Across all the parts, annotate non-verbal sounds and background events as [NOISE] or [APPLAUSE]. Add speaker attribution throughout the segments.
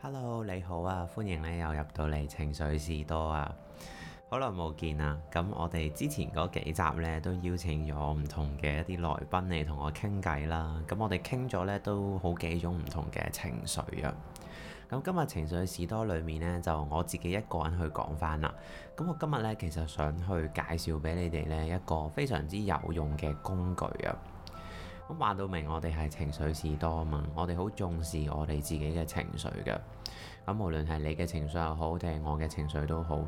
Speaker 1: Hello，你好啊，歡迎你又入到嚟情緒士多啊，好耐冇見啦。咁我哋之前嗰幾集呢都邀請咗唔同嘅一啲來賓嚟同我傾偈啦。咁我哋傾咗呢都好幾種唔同嘅情緒啊。咁今日情緒士多裏面呢，就我自己一個人去講返啦。咁我今日呢，其實想去介紹俾你哋呢一個非常之有用嘅工具啊。咁話到明，我哋係情緒士多啊嘛，我哋好重視我哋自己嘅情緒㗎。咁無論係你嘅情緒又好，定係我嘅情緒都好，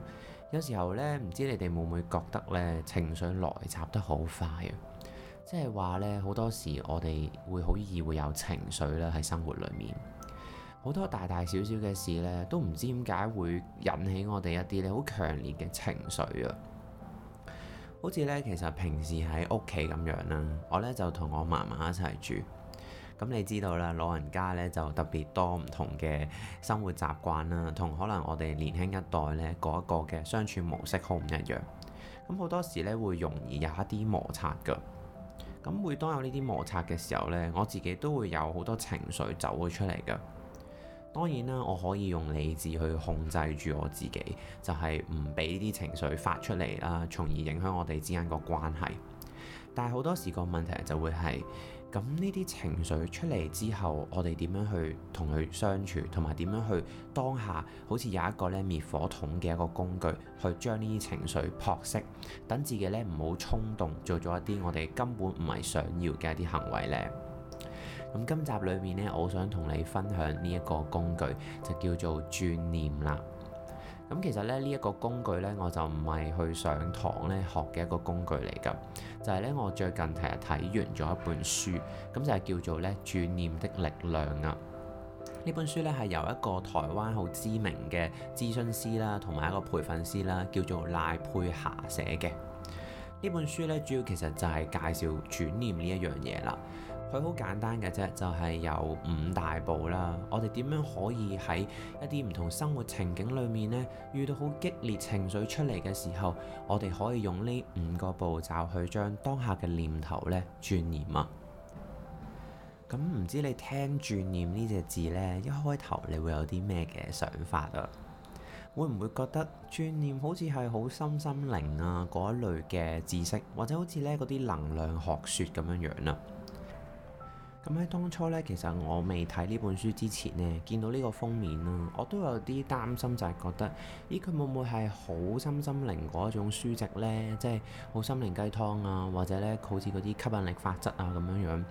Speaker 1: 有時候呢，唔知你哋會唔會覺得呢，情緒來襲得好快啊？即係話呢，好多時我哋會好易會有情緒啦，喺生活裏面，好多大大小小嘅事呢，都唔知點解會引起我哋一啲呢好強烈嘅情緒啊！好似咧，其實平時喺屋企咁樣啦，我咧就同我嫲嫲一齊住。咁你知道啦，老人家咧就特別多唔同嘅生活習慣啦，同可能我哋年輕一代咧個一個嘅相處模式好唔一樣。咁好多時咧會容易有一啲摩擦㗎。咁每當有呢啲摩擦嘅時候咧，我自己都會有好多情緒走咗出嚟㗎。當然啦，我可以用理智去控制住我自己，就係唔俾呢啲情緒發出嚟啦，從而影響我哋之間個關係。但係好多時個問題就會係，咁呢啲情緒出嚟之後，我哋點樣去同佢相處，同埋點樣去當下，好似有一個咧滅火筒嘅一個工具，去將呢啲情緒撲熄，等自己咧唔好衝動做咗一啲我哋根本唔係想要嘅一啲行為呢。咁今集裏面呢，我想同你分享呢一個工具，就叫做轉念啦。咁其實咧，呢一個工具呢，我就唔係去上堂咧學嘅一個工具嚟噶，就係呢，我最近其實睇完咗一本書，咁就係、是、叫做咧轉念的力量啊。呢本書呢，係由一個台灣好知名嘅諮詢師啦，同埋一個培訓師啦，叫做賴佩霞寫嘅。呢本書呢，主要其實就係介紹轉念呢一樣嘢啦。佢好簡單嘅啫，就係有五大步啦。我哋點樣可以喺一啲唔同生活情景裏面呢，遇到好激烈情緒出嚟嘅時候，我哋可以用呢五個步驟去將當下嘅念頭呢轉念啊。咁唔知你聽轉念呢隻字呢，一開頭你會有啲咩嘅想法啊？會唔會覺得轉念好似係好深心靈啊嗰一類嘅知識，或者好似呢嗰啲能量學説咁樣樣啊？咁喺當初呢，其實我未睇呢本書之前呢，見到呢個封面啊，我都有啲擔心，就係覺得，咦，佢會唔會係好心心靈嗰一種書籍呢？即係好心靈雞湯啊，或者呢，好似嗰啲吸引力法則啊咁樣樣。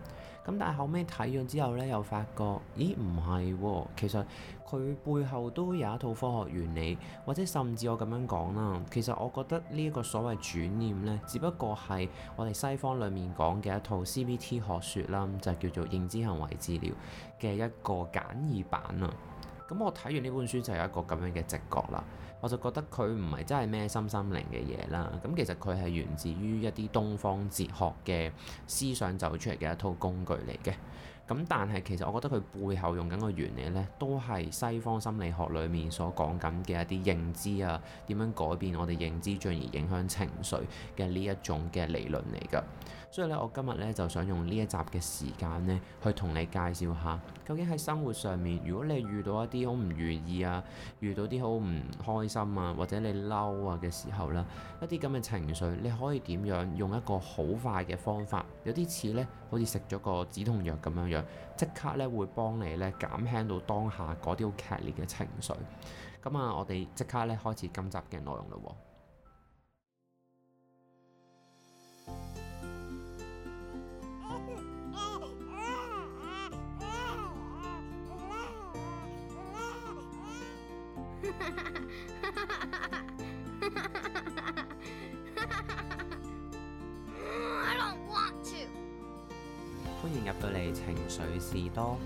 Speaker 1: 咁但係後尾睇咗之後呢，又發覺，咦，唔係喎，其實佢背後都有一套科學原理，或者甚至我咁樣講啦，其實我覺得呢一個所謂轉念呢，只不過係我哋西方裡面講嘅一套 CBT 學説啦，就叫做認知行為治療嘅一個簡易版啦。咁我睇完呢本書就有一個咁樣嘅直覺啦，我就覺得佢唔係真係咩心心靈嘅嘢啦。咁其實佢係源自於一啲東方哲學嘅思想走出嚟嘅一套工具嚟嘅。咁但係其實我覺得佢背後用緊嘅原理呢，都係西方心理學裏面所講緊嘅一啲認知啊，點樣改變我哋認知，進而影響情緒嘅呢一種嘅理論嚟㗎。所以咧，我今日咧就想用呢一集嘅時間咧，去同你介紹下，究竟喺生活上面，如果你遇到一啲好唔如意啊，遇到啲好唔開心啊，或者你嬲啊嘅時候啦，一啲咁嘅情緒，你可以點樣用一個好快嘅方法，有啲似咧，好似食咗個止痛藥咁樣樣，即刻咧會幫你咧減輕到當下嗰啲好劇烈嘅情緒。咁啊，我哋即刻咧開始今集嘅內容喇喎。士多，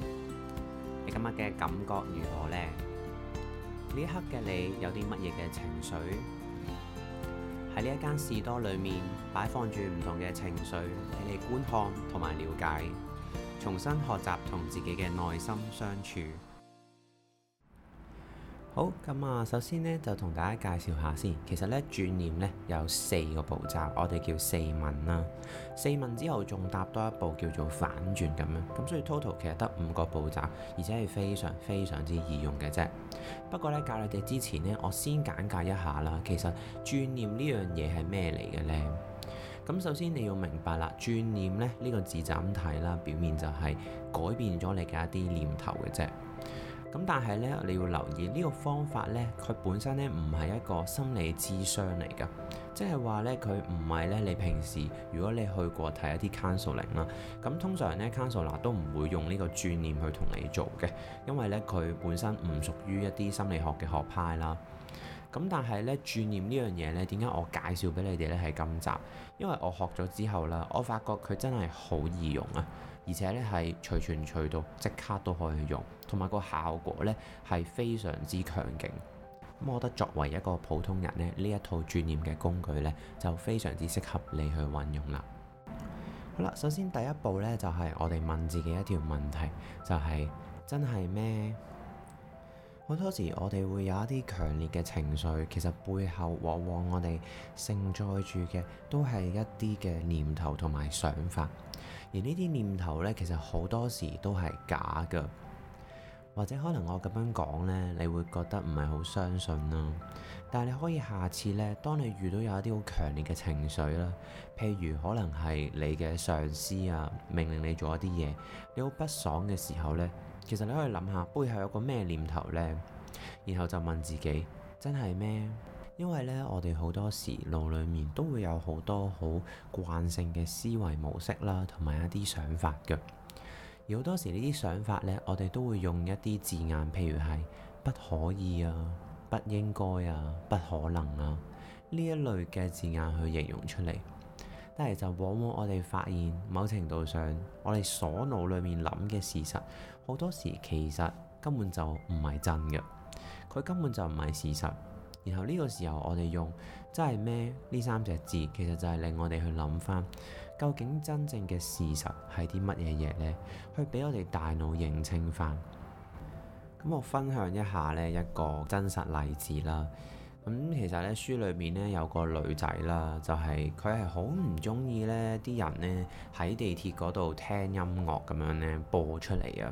Speaker 1: 你今日嘅感覺如何呢？呢刻嘅你有啲乜嘢嘅情緒？喺呢一間士多裏面擺放住唔同嘅情緒，俾你觀看同埋了解，重新學習同自己嘅內心相處。好，咁啊，首先呢，就同大家介紹下先。其實呢，轉念呢，有四個步驟，我哋叫四問啦。四問之後仲搭多一步叫做反轉咁樣，咁所以 total 其實得五個步驟，而且係非常非常之易用嘅啫。不過呢，教你哋之前呢，我先簡介一下啦。其實轉念呢樣嘢係咩嚟嘅呢？咁首先你要明白啦，轉念呢呢個字就咁睇啦，表面就係改變咗你嘅一啲念頭嘅啫。咁但係咧，你要留意呢、這個方法咧，佢本身咧唔係一個心理諮商嚟㗎，即係話咧佢唔係咧你平時如果你去過睇一啲 counseling 啦、啊，咁通常咧 counselor 都唔會用呢個轉念去同你做嘅，因為咧佢本身唔屬於一啲心理學嘅學派啦。咁、啊、但係咧轉念呢樣嘢咧，點解我介紹俾你哋咧係今集？因為我學咗之後啦，我發覺佢真係好易用啊！而且咧係隨傳隨到，即刻都可以用，同埋個效果咧係非常之強勁。咁我覺得作為一個普通人咧，呢一套轉念嘅工具咧就非常之適合你去運用啦。好啦，首先第一步咧就係我哋問自己一條問題，就係真係咩？好多時我哋會有一啲強烈嘅情緒，其實背後往往我哋承載住嘅都係一啲嘅念頭同埋想法，而呢啲念頭呢，其實好多時都係假㗎，或者可能我咁樣講呢，你會覺得唔係好相信啦、啊。但係你可以下次呢，當你遇到有一啲好強烈嘅情緒啦，譬如可能係你嘅上司啊，命令你做一啲嘢，你好不爽嘅時候呢。其實你可以諗下背後有個咩念頭呢？然後就問自己真係咩？因為呢，我哋好多時腦裏面都會有好多好慣性嘅思維模式啦，同埋一啲想法嘅。而好多時呢啲想法呢，我哋都會用一啲字眼，譬如係不可以啊、不應該啊、不可能啊呢一類嘅字眼去形容出嚟。但係就往往我哋發現，某程度上我哋所腦裏面諗嘅事實，好多時其實根本就唔係真嘅，佢根本就唔係事實。然後呢個時候我哋用，真係咩呢三隻字，其實就係令我哋去諗翻，究竟真正嘅事實係啲乜嘢嘢，呢去俾我哋大腦認清翻。咁我分享一下呢一個真實例子啦。咁其實咧，書裏面咧有個女仔啦，就係佢係好唔中意咧啲人呢喺地鐵嗰度聽音樂咁樣咧播出嚟啊，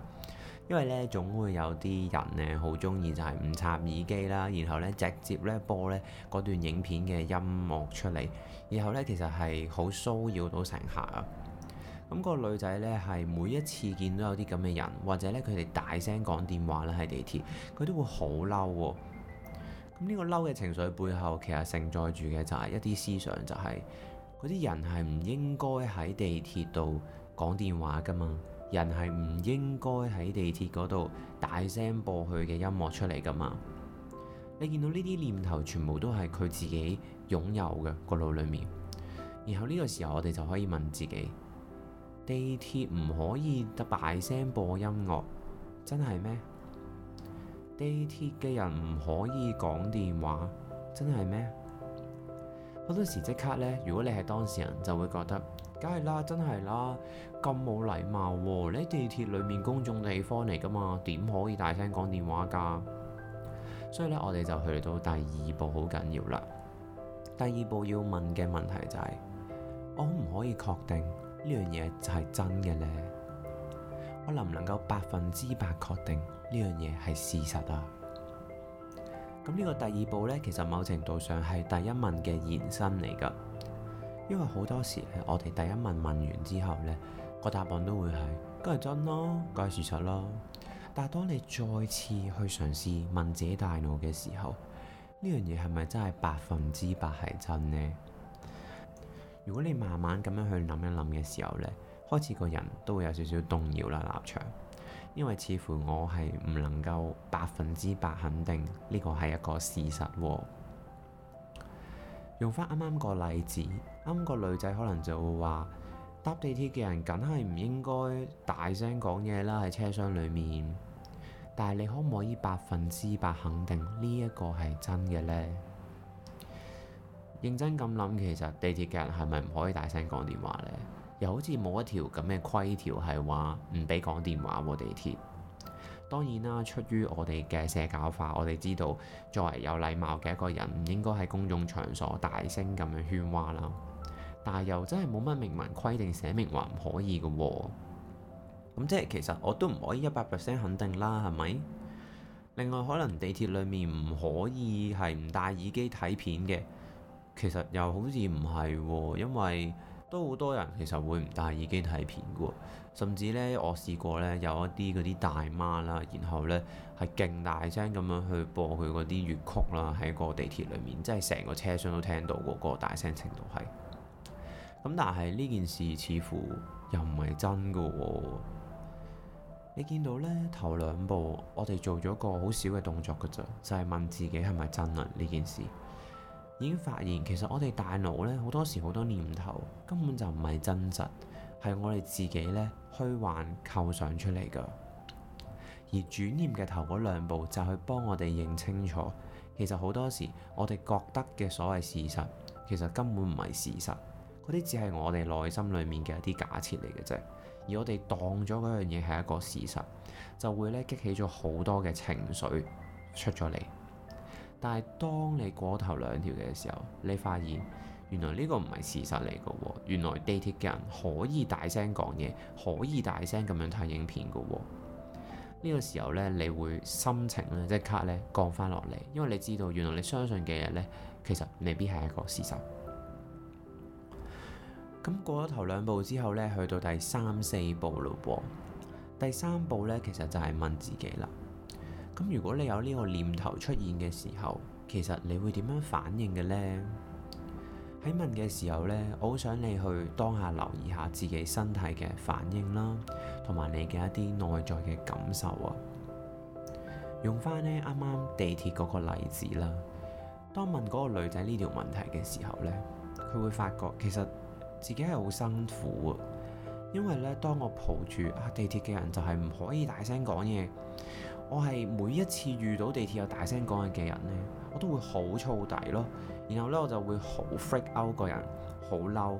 Speaker 1: 因為咧總會有啲人呢好中意就係唔插耳機啦，然後咧直接咧播咧嗰段影片嘅音樂出嚟，然後咧其實係好騷擾到乘客啊。咁、那個女仔咧係每一次見到有啲咁嘅人，或者咧佢哋大聲講電話咧喺地鐵，佢都會好嬲喎。咁呢個嬲嘅情緒背後，其實承載住嘅就係一啲思想，就係嗰啲人係唔應該喺地鐵度講電話㗎嘛，人係唔應該喺地鐵嗰度大聲播佢嘅音樂出嚟㗎嘛。你見到呢啲念頭，全部都係佢自己擁有嘅嗰個腦裏面。然後呢個時候，我哋就可以問自己：地鐵唔可以大聲播音樂，真係咩？地鐵嘅人唔可以講電話，真係咩？好多時即刻呢，如果你係當事人，就會覺得，梗係啦，真係啦，咁冇禮貌喎，啊！你地鐵裏面公眾地方嚟噶嘛，點可以大聲講電話噶？所以呢，我哋就去到第二步，好緊要啦。第二步要問嘅問題就係，是，我可唔可以確定呢樣嘢係真嘅呢？我能唔能夠百分之百確定？呢樣嘢係事實啊！咁呢個第二步呢，其實某程度上係第一問嘅延伸嚟㗎，因為好多時係我哋第一問問完之後呢，個答案都會係：梗係真咯，梗係事實咯。但係當你再次去嘗試問自己大腦嘅時候，呢樣嘢係咪真係百分之百係真呢？如果你慢慢咁樣去諗一諗嘅時候呢，開始個人都會有少少動搖啦，立場。因為似乎我係唔能夠百分之百肯定呢個係一個事實喎、啊。用翻啱啱個例子，啱個女仔可能就會話搭地鐵嘅人梗係唔應該大聲講嘢啦，喺車廂裡面。但係你可唔可以百分之百肯定呢一個係真嘅呢？認真咁諗，其實地鐵嘅人係咪唔可以大聲講電話呢？又好似冇一條咁嘅規條係話唔俾講電話喎，啊，地鐵。當然啦，出於我哋嘅社交化，我哋知道作為有禮貌嘅一個人，唔應該喺公眾場所大聲咁樣喧譁啦。但係又真係冇乜明文規定寫明話唔可以嘅喎，啊。咁即係其實我都唔可以一百 percent 肯定啦，係咪？另外可能地鐵裡面唔可以係唔戴耳機睇片嘅，其實又好似唔係，因為。都好多人其實會唔戴耳機睇片喎，甚至呢，我試過呢有一啲嗰啲大媽啦，然後呢係勁大聲咁樣去播佢嗰啲粵曲啦，喺個地鐵裏面，即係成個車廂都聽到嘅，個大聲程度係。咁但係呢件事似乎又唔係真嘅喎，哦。你見到呢頭兩步，我哋做咗個好小嘅動作嘅咋，就係、是、問自己係咪真啊呢件事。已經發現，其實我哋大腦咧好多時好多念頭根本就唔係真實，係我哋自己咧虛幻構想出嚟㗎。而轉念嘅頭嗰兩步就係去幫我哋認清楚，其實好多時我哋覺得嘅所謂事實，其實根本唔係事實，嗰啲只係我哋內心裡面嘅一啲假設嚟嘅啫。而我哋當咗嗰樣嘢係一個事實，就會咧激起咗好多嘅情緒出咗嚟。但係當你過頭兩條嘅時候，你發現原來呢個唔係事實嚟嘅喎，原來地鐵嘅人可以大聲講嘢，可以大聲咁樣睇影片嘅喎。呢個時候呢，你會心情呢即刻呢降翻落嚟，因為你知道原來你相信嘅嘢呢，其實未必係一個事實。咁過咗頭兩步之後呢，去到第三四步嘞噃。第三步呢，其實就係問自己啦。咁如果你有呢個念頭出現嘅時候，其實你會點樣反應嘅呢？喺問嘅時候呢，我好想你去當下留意下自己身體嘅反應啦，同埋你嘅一啲內在嘅感受啊。用返呢啱啱地鐵嗰個例子啦，當問嗰個女仔呢條問題嘅時候呢，佢會發覺其實自己係好辛苦啊，因為呢，當我抱住啊地鐵嘅人就係唔可以大聲講嘢。我係每一次遇到地鐵有大聲講嘢嘅人呢，我都會好燥底咯。然後呢，我就會好 freak out 個人，好嬲，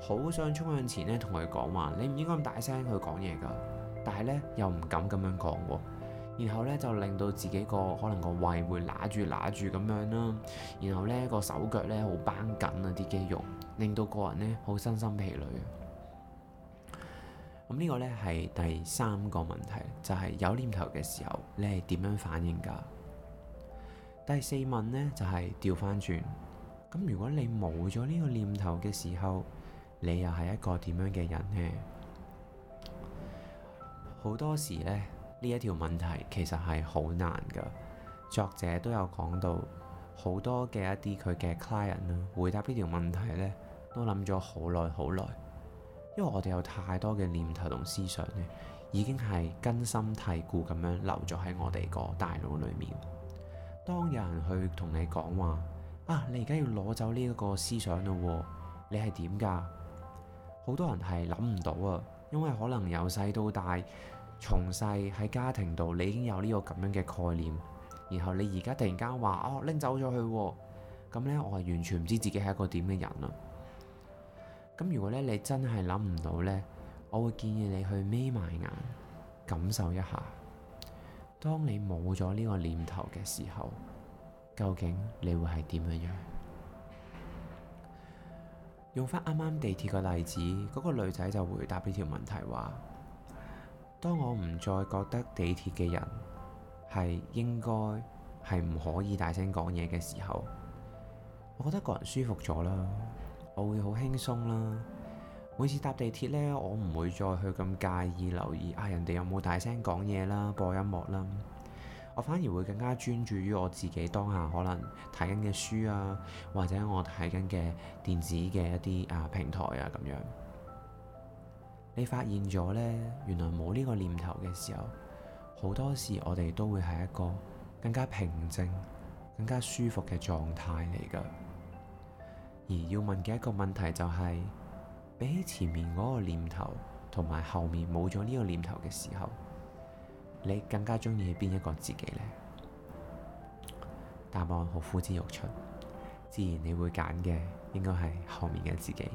Speaker 1: 好想衝向前呢同佢講話，你唔應該咁大聲去講嘢㗎。但係呢，又唔敢咁樣講喎。然後呢，就令到自己個可能個胃會揦住揦住咁樣啦。然後呢，個手腳呢好繃緊啊，啲肌肉，令到個人呢好身心疲累。咁呢個呢，係第三個問題，就係有念頭嘅時候，你係點樣反應噶？第四問呢，就係調翻轉，咁如果你冇咗呢個念頭嘅時候，你又係一個點樣嘅人呢？好多時呢，呢一條問題其實係好難噶，作者都有講到好多嘅一啲佢嘅 client 回答呢條問題呢，都諗咗好耐好耐。因為我哋有太多嘅念頭同思想嘅，已經係根深蒂固咁樣留咗喺我哋個大腦裏面。當有人去同你講話啊，你而家要攞走呢一個思想嘞喎，你係點噶？好多人係諗唔到啊，因為可能由細到大，從細喺家庭度，你已經有呢個咁樣嘅概念，然後你而家突然間話，哦，拎走咗佢喎，咁呢，我係完全唔知自己係一個點嘅人啦。咁如果咧你真係諗唔到呢，我會建議你去眯埋眼感受一下。當你冇咗呢個念頭嘅時候，究竟你會係點樣樣？用返啱啱地鐵個例子，嗰個女仔就回答呢條問題話：當我唔再覺得地鐵嘅人係應該係唔可以大聲講嘢嘅時候，我覺得個人舒服咗啦。我會好輕鬆啦！每次搭地鐵呢，我唔會再去咁介意留意啊人哋有冇大聲講嘢啦，播音樂啦。我反而會更加專注於我自己當下可能睇緊嘅書啊，或者我睇緊嘅電子嘅一啲啊平台啊咁樣。你發現咗呢，原來冇呢個念頭嘅時候，好多時我哋都會係一個更加平靜、更加舒服嘅狀態嚟㗎。而要問嘅一個問題就係，比起前面嗰個念頭，同埋後面冇咗呢個念頭嘅時候，你更加中意邊一個自己呢？答案好呼之欲出，自然你會揀嘅應該係後面嘅自己，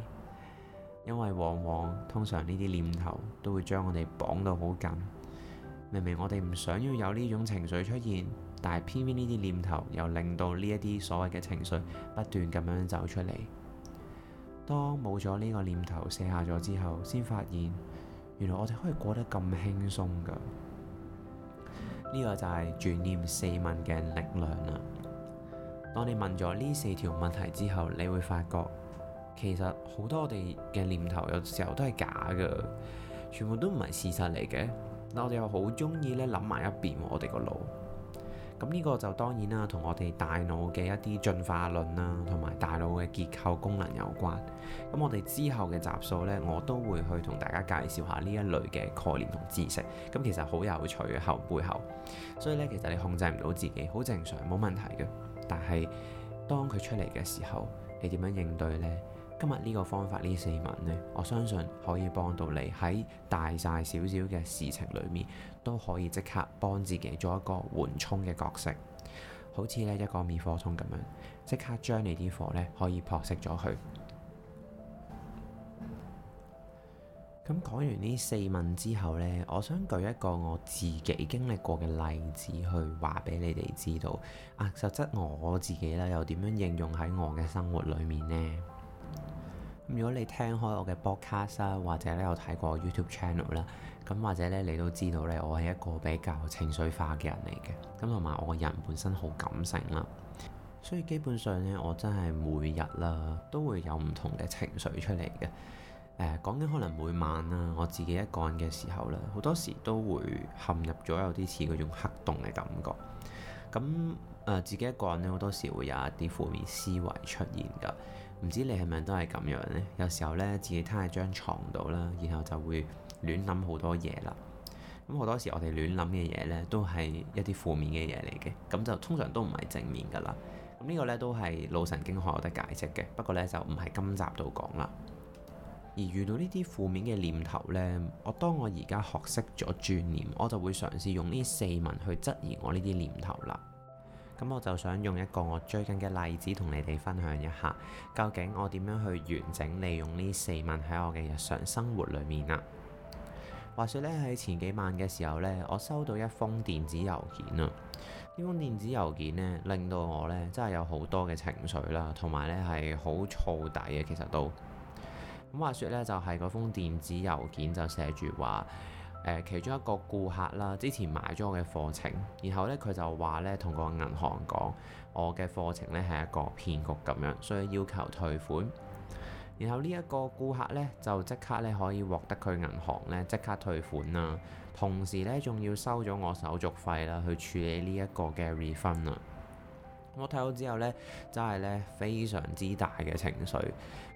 Speaker 1: 因為往往通常呢啲念頭都會將我哋綁到好緊，明明我哋唔想要有呢種情緒出現。但係偏偏呢啲念頭又令到呢一啲所謂嘅情緒不斷咁樣走出嚟。當冇咗呢個念頭寫下咗之後，先發現原來我哋可以過得咁輕鬆噶。呢、這個就係轉念四問嘅力量啦。當你問咗呢四條問題之後，你會發覺其實好多我哋嘅念頭有時候都係假噶，全部都唔係事實嚟嘅。但我哋又好中意咧諗埋一邊、啊、我哋個腦。咁呢個就當然啦，同我哋大腦嘅一啲進化論啦，同埋大腦嘅結構功能有關。咁我哋之後嘅集數呢，我都會去同大家介紹下呢一類嘅概念同知識。咁其實好有趣嘅後背後。所以呢，其實你控制唔到自己，好正常，冇問題嘅。但係當佢出嚟嘅時候，你點樣應對呢？今日呢個方法呢四問呢，我相信可以幫到你喺大大小小嘅事情裡面。都可以即刻幫自己做一個緩衝嘅角色，好似呢一個滅火筒咁樣，即刻將你啲火呢可以撲熄咗佢。咁講完呢四問之後呢，我想舉一個我自己經歷過嘅例子去話俾你哋知道，啊，實質我自己啦，又點樣應用喺我嘅生活裡面呢？如果你聽開我嘅 podcast 啦，或者咧有睇過 YouTube channel 啦，咁或者咧你都知道咧，我係一個比較情緒化嘅人嚟嘅，咁同埋我個人本身好感性啦，所以基本上咧，我真係每日啦都會有唔同嘅情緒出嚟嘅。誒、呃，講緊可能每晚啦，我自己一個人嘅時候咧，好多時都會陷入咗有啲似嗰種黑洞嘅感覺。咁、呃、自己一個人咧，好多時會有一啲負面思維出現㗎。唔知你係咪都係咁樣呢？有時候呢，自己攤喺張床度啦，然後就會亂諗好多嘢啦。咁好多時我哋亂諗嘅嘢呢，都係一啲負面嘅嘢嚟嘅。咁就通常都唔係正面噶啦。咁、這、呢個呢，都係腦神經學有得解釋嘅。不過呢，就唔係今集度講啦。而遇到呢啲負面嘅念頭呢，我當我而家學識咗轉念，我就會嘗試用呢四問去質疑我呢啲念頭啦。咁我就想用一個我最近嘅例子同你哋分享一下，究竟我點樣去完整利用呢四問喺我嘅日常生活裏面啊？話說呢，喺前幾晚嘅時候呢，我收到一封電子郵件啊，呢封電子郵件呢，令到我呢真係有好多嘅情緒啦，同埋呢係好燥底嘅，其實都咁話說呢，就係、是、嗰封電子郵件就寫住話。誒，其中一個顧客啦，之前買咗我嘅課程，然後呢，佢就話呢，同個銀行講，我嘅課程呢係一個騙局咁樣，所以要求退款。然後呢一個顧客呢，就即刻呢可以獲得佢銀行呢即刻退款啦，同時呢仲要收咗我手續費啦，去處理呢一個嘅 refund 啊。我睇到之後呢，真係呢非常之大嘅情緒。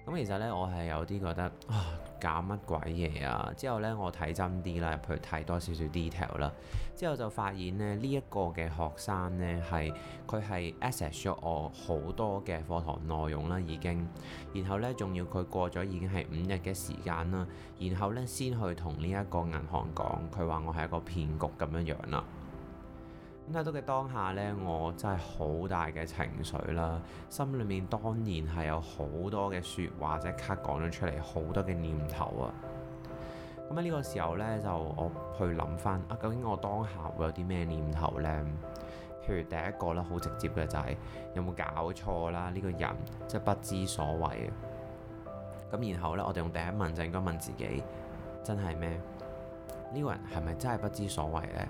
Speaker 1: 咁其實呢，我係有啲覺得啊，搞乜鬼嘢啊！之後呢，我睇真啲啦，譬如睇多少少 detail 啦。之後就發現呢，呢一個嘅學生呢，係佢係 access 咗我好多嘅課堂內容啦，已經。然後呢，仲要佢過咗已經係五日嘅時間啦。然後呢，先去同呢一個銀行講，佢話我係一個騙局咁樣樣啦。咁喺到嘅當下呢，我真係好大嘅情緒啦，心裏面當然係有好多嘅説話，即刻講咗出嚟，好多嘅念頭啊。咁喺呢個時候呢，就我去諗翻啊，究竟我當下會有啲咩念頭呢？譬如第一個咧，好直接嘅就係、是、有冇搞錯啦？呢、這個人即係不知所謂。咁然後呢，我哋用第一問就應該問自己：真係咩？呢、這個人係咪真係不知所謂呢？」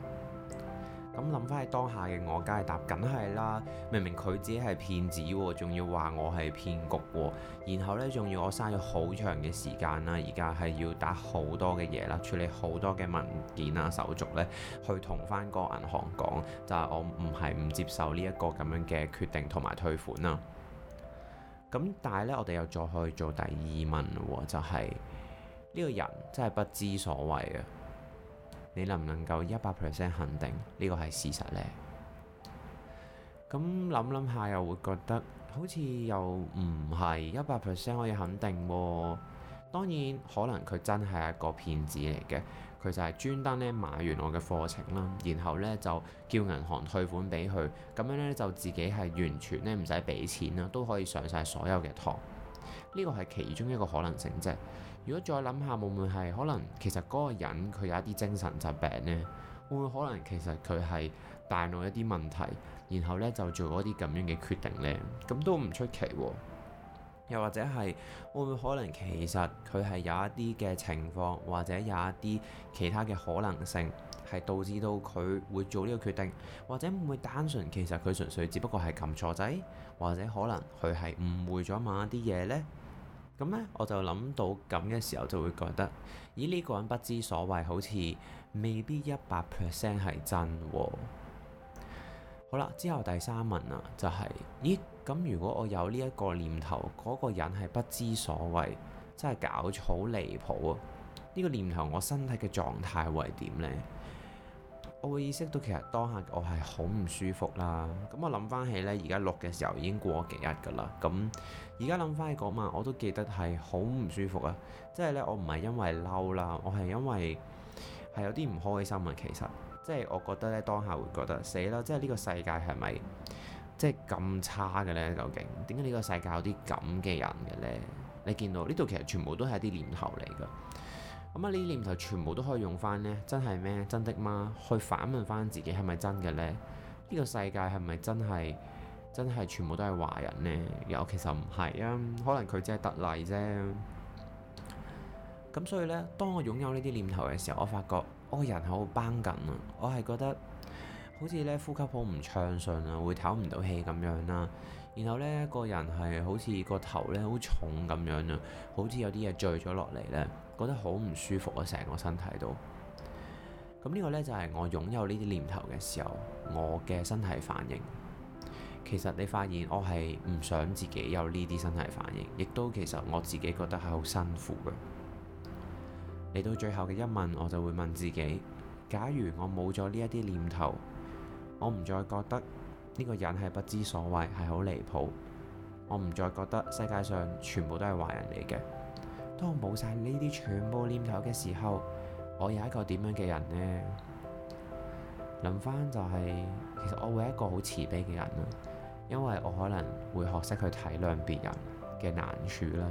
Speaker 1: 咁諗翻喺當下嘅我，梗係答，梗係啦。明明佢自己係騙子，仲要話我係騙局。然後呢，仲要我嘥咗好長嘅時間啦。而家係要打好多嘅嘢啦，處理好多嘅文件啊、手續呢，去同翻個銀行講，就係我唔係唔接受呢一個咁樣嘅決定同埋退款啦。咁但係呢，我哋又再去做第二問喎，就係呢個人真係不知所謂啊！你能唔能夠一百 percent 肯定呢個係事實呢？咁諗諗下又會覺得好似又唔係一百 percent 可以肯定喎。當然可能佢真係一個騙子嚟嘅，佢就係專登咧買完我嘅課程啦，然後咧就叫銀行退款俾佢，咁樣咧就自己係完全咧唔使俾錢啦，都可以上晒所有嘅堂。呢個係其中一個可能性啫。如果再諗下，會唔會係可能其實嗰個人佢有一啲精神疾病呢？會唔會可能其實佢係大腦一啲問題，然後呢就做咗啲咁樣嘅決定呢？咁都唔出奇喎。又或者係會唔會可能其實佢係有一啲嘅情況，或者有一啲其他嘅可能性，係導致到佢會做呢個決定？或者會唔會單純其實佢純粹只不過係撳錯掣？或者可能佢係誤會咗某一啲嘢呢？咁咧，我就諗到咁嘅時候就會覺得，咦，呢個人不知所謂，好似未必一百 percent 係真喎。好啦，之後第三問啊，就係咦，咁，如果我有呢一個念頭，嗰個人係不知所謂，真係搞錯好離譜啊！呢個念頭，我身體嘅狀態會係點呢？我會意識到其實當下我係好唔舒服啦，咁我諗翻起呢，而家錄嘅時候已經過幾日噶啦，咁而家諗翻起嗰晚，我都記得係好唔舒服啊，即係呢，我唔係因為嬲啦，我係因為係有啲唔開心啊，其實即係、就是、我覺得呢，當下會覺得死啦，即係呢個世界係咪即係咁差嘅呢？究竟點解呢個世界有啲咁嘅人嘅呢？你見到呢度其實全部都係啲念頭嚟嘅。咁啊！呢啲念頭全部都可以用翻呢？真係咩？真的嗎？去反問翻自己係咪真嘅呢？呢個世界係咪真係真係全部都係壞人呢？有其實唔係啊，可能佢只係特例啫。咁所以呢，當我擁有呢啲念頭嘅時候，我發覺我個人好繃緊啊！我係覺得。好似咧呼吸好唔暢順啊，會唞唔到氣咁樣啦。然後呢個人係好似個頭咧好重咁樣啊，好似有啲嘢墜咗落嚟咧，覺得好唔舒服啊，成個身體都。咁呢個呢就係我擁有呢啲念頭嘅時候，我嘅身體反應。其實你發現我係唔想自己有呢啲身體反應，亦都其實我自己覺得係好辛苦嘅。嚟到最後嘅一問，我就會問自己：假如我冇咗呢一啲念頭。我唔再覺得呢個人係不知所謂，係好離譜。我唔再覺得世界上全部都係壞人嚟嘅。當我冇晒呢啲全部念頭嘅時候，我係一個點樣嘅人呢？諗翻就係、是，其實我會係一個好慈悲嘅人，因為我可能會學識去體諒別人嘅難處啦，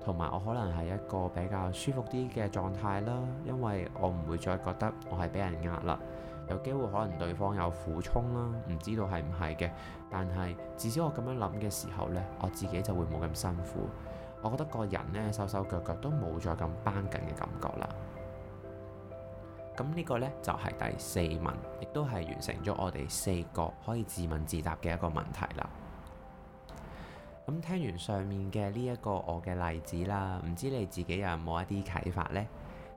Speaker 1: 同埋我可能係一個比較舒服啲嘅狀態啦，因為我唔會再覺得我係俾人壓啦。有機會可能對方有苦衷啦，唔知道係唔係嘅，但係至少我咁樣諗嘅時候呢，我自己就會冇咁辛苦。我覺得個人呢，手手腳腳都冇再咁繃緊嘅感覺啦。咁呢 [NOISE] 個呢，就係、是、第四問，亦都係完成咗我哋四個可以自問自答嘅一個問題啦。咁聽完上面嘅呢一個我嘅例子啦，唔知你自己有冇一啲啟發呢？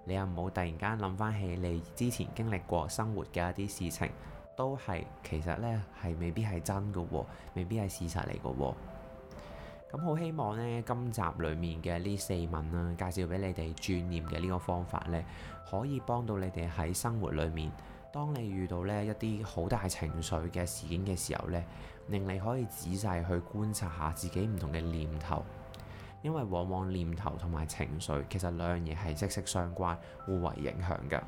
Speaker 1: 你又唔好突然間諗翻起你之前經歷過生活嘅一啲事情，都係其實呢，係未必係真嘅喎，未必係事實嚟嘅喎。咁好希望呢今集裡面嘅呢四問啊，介紹俾你哋轉念嘅呢個方法呢，可以幫到你哋喺生活裡面，當你遇到呢一啲好大情緒嘅事件嘅時候呢，令你可以仔細去觀察下自己唔同嘅念頭。因為往往念頭同埋情緒，其實兩樣嘢係息息相關、互為影響嘅。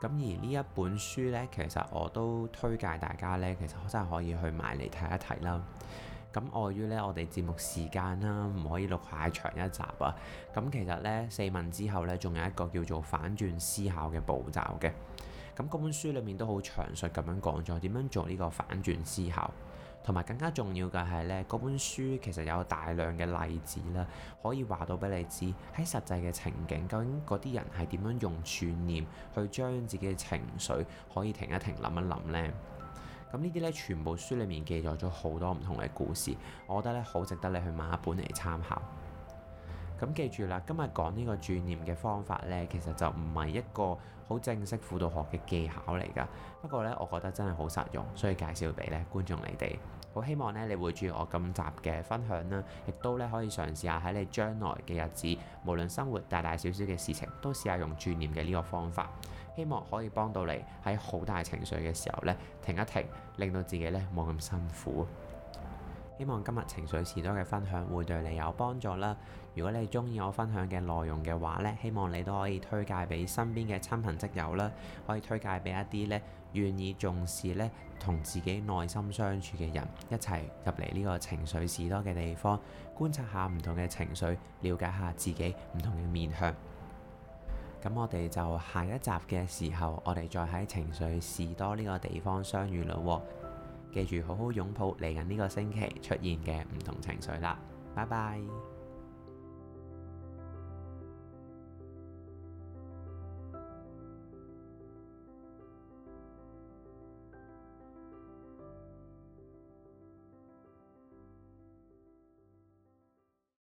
Speaker 1: 咁而呢一本書呢，其實我都推介大家呢，其實真係可以去買嚟睇一睇啦。咁礙於呢，我哋節目時間啦，唔可以錄太長一集啊。咁其實呢，四問之後呢，仲有一個叫做反轉思考嘅步驟嘅。咁嗰本書裏面都好詳述咁樣講咗點樣做呢個反轉思考。同埋更加重要嘅係呢，嗰本書其實有大量嘅例子啦，可以話到俾你知喺實際嘅情景，究竟嗰啲人係點樣用轉念去將自己嘅情緒可以停一停、諗一諗呢？咁呢啲呢，全部書裡面記載咗好多唔同嘅故事，我覺得呢，好值得你去買一本嚟參考。咁記住啦，今日講呢個轉念嘅方法呢，其實就唔係一個好正式輔導學嘅技巧嚟㗎，不過呢，我覺得真係好實用，所以介紹俾呢觀眾你哋。好希望呢，你會注意我今集嘅分享啦，亦都呢可以嘗試下喺你將來嘅日子，無論生活大大小小嘅事情，都試下用轉念嘅呢個方法，希望可以幫到你喺好大情緒嘅時候呢，停一停，令到自己呢冇咁辛苦。希望今日情緒士多嘅分享會對你有幫助啦！如果你中意我分享嘅內容嘅話呢，希望你都可以推介俾身邊嘅親朋戚友啦，可以推介俾一啲呢願意重視呢同自己內心相處嘅人，一齊入嚟呢個情緒士多嘅地方，觀察下唔同嘅情緒，了解下自己唔同嘅面向。咁我哋就下一集嘅時候，我哋再喺情緒士多呢個地方相遇啦！記住好好擁抱嚟緊呢個星期出現嘅唔同情緒啦！拜拜。